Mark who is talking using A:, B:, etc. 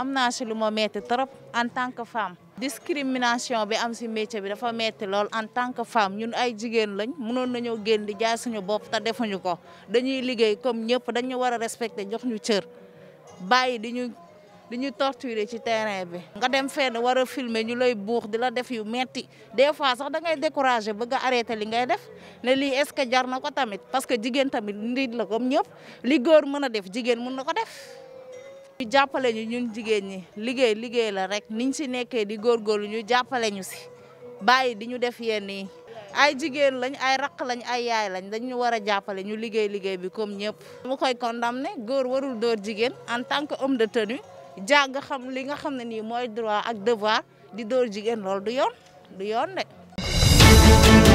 A: am naa si lu ma metti trop en tant que femme discrimination bi am si métier bi dafa metti lool en tant que femme ñun ay jigéen lañ mënoon nañoo génn di jaay suñu bopp te defuñu ko dañuy liggéey comme ñëpp dañu war a respecté jox ñu bàyyi di ñu di ñu ci terrain bi. nga dem fenn war a filmer ñu lay buux di la def yu metti des fois sax da ngay découragé bëgg a arrêté li ngay def ne lii est ce que jar na ko tamit parce que jigéen tamit nit la comme ñëpp li góor mën a def jigéen mun na ko def. ñu jàppale ñu ñun jigéen ñi liggéey liggéey la rek niñ si nekkee di góorgóorlu ñu jàppale ñu si bàyyi di ñu def yenn yi ay jigéen lañ ay raq lañ ay yaay lañ dañ ñu war a jàppale ñu liggéey liggéey bi comme ñëpp. mu koy condamné góor warul dóor jigéen en tant que homme de tenue jàng xam li nga xam ne nii mooy droit ak devoir di dóor jigéen loolu du yoon du yoon de.